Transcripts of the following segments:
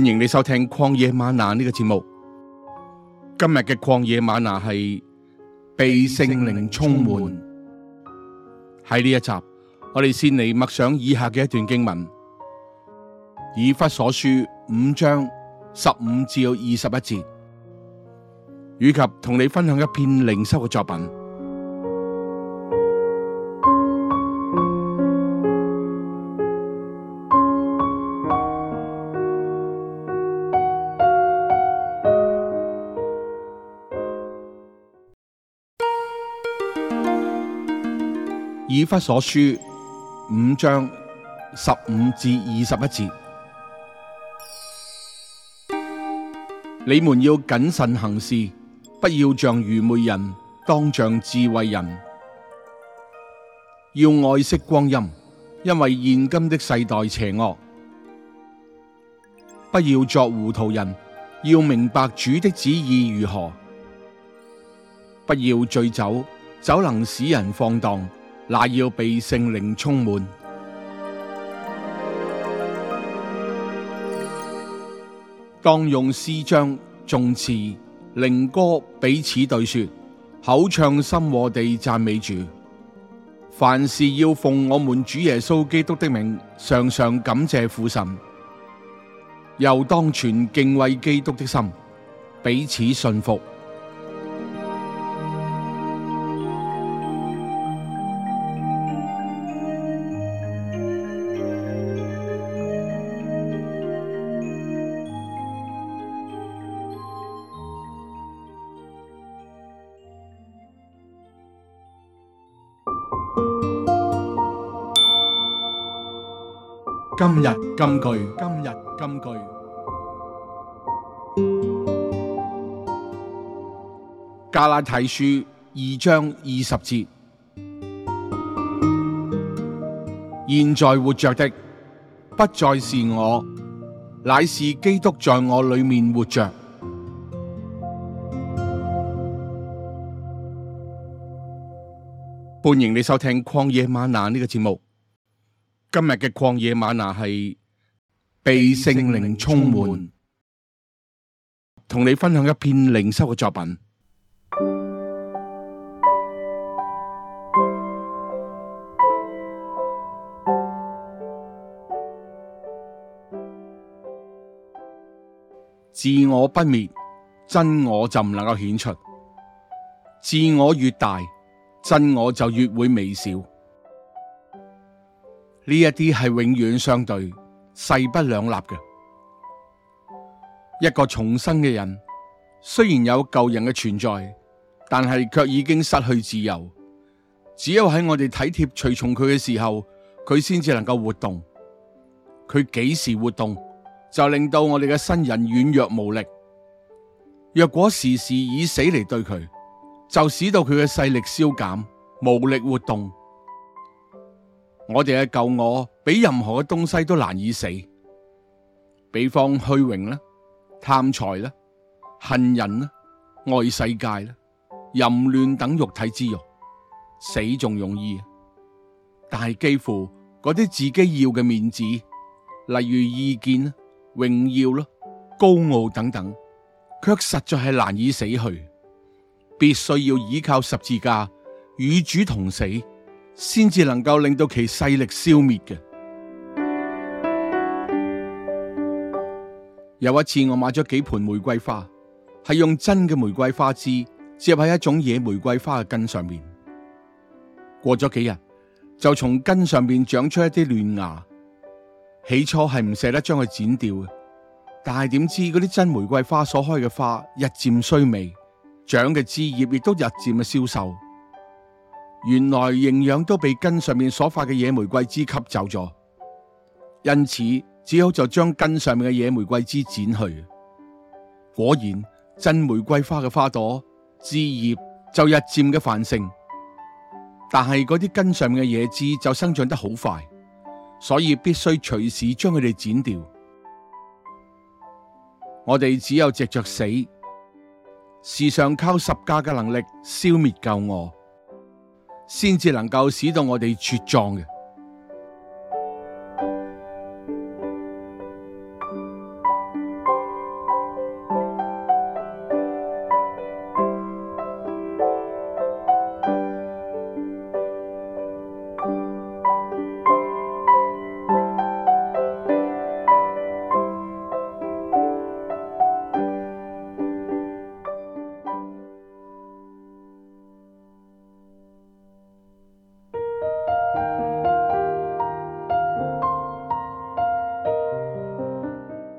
歡迎你收聽曠野嗎哪呢個節目。今日嘅曠野嗎哪係被聖靈充滿。喺呢一集，我哋先嚟默想以下嘅一段經文，以弗所書五章十五至到二十一節，以及同你分享一篇靈修嘅作品。以弗所書五章十五至二十一節，你們要謹慎行事，不要像愚昧人，當像智慧人。要愛惜光陰，因為現今的世代邪惡。不要作糊塗人，要明白主的旨意如何。不要醉酒，酒能使人放蕩。乃要被聖靈充滿，當用詩章、頌詞、靈歌彼此對說，口唱心和地讚美主。凡事要奉我們主耶穌基督的名，常常感謝父神。又當存敬畏基督的心，彼此順服。今日金句，今日金句。加拉太書二章二十節。現在活着的，不再是我，乃是基督在我裏面活着。歡迎你收聽曠野嗎哪呢個節目。今日嘅曠野嗎哪係被聖靈充滿，同你分享一篇靈修嘅作品。自我不滅，真我就唔能夠顯出；自我越大，真我就越會微小。呢一啲係永遠相對、勢不兩立嘅。一個重生嘅人，雖然有舊人嘅存在，但係卻已經失去自由。只有喺我哋體貼隨從佢嘅時候，佢先至能夠活動。佢幾時活動，就令到我哋嘅新人軟弱無力。若果時時以死嚟對佢，就使到佢嘅勢力消減，無力活動。我哋嘅舊我比任何嘅東西都難以死。比方虛榮啦、貪財啦、恨人啦、愛世界啦、淫亂等肉體之欲，死仲容易。但係幾乎嗰啲自己要嘅面子，例如意見啦、榮耀啦、高傲等等，卻實在係難以死去，必須要依靠十字架與主同死，先至能夠令到其勢力消滅嘅。有一次，我買咗幾盆玫瑰花，係用真嘅玫瑰花枝接喺一種野玫瑰花嘅根上面。過咗幾日，就從根上面長出一啲嫩芽。起初係唔捨得將佢剪掉嘅，但係點知嗰啲真玫瑰花所開嘅花，日漸衰微，長嘅枝葉亦都日漸嘅消瘦。原來營養都被根上面所發嘅野玫瑰枝吸走咗，因此只好就將根上面嘅野玫瑰枝剪去。果然真玫瑰花嘅花朵枝葉就日漸嘅繁盛，但係嗰啲根上面嘅野枝就生長得好快，所以必須隨時將佢哋剪掉。我哋只有藉着死，時常靠十架嘅能力消滅舊我，先至能夠使到我哋茁壯嘅。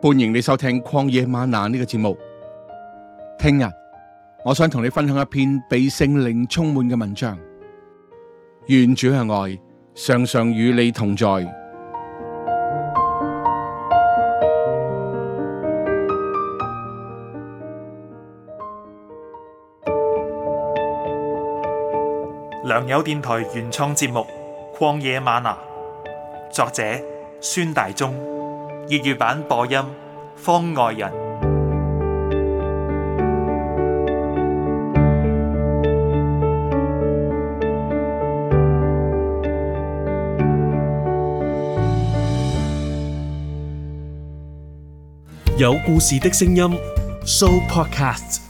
歡迎你收聽曠野嗎哪呢個節目。聽日，我想同你分享一篇被聖靈充滿嘅文章。願主向外，常常與你同在。良友電台原創節目《曠野嗎哪》，作者孫大中。粵語版播音，方外人。有故事的聲音，Show Podcast。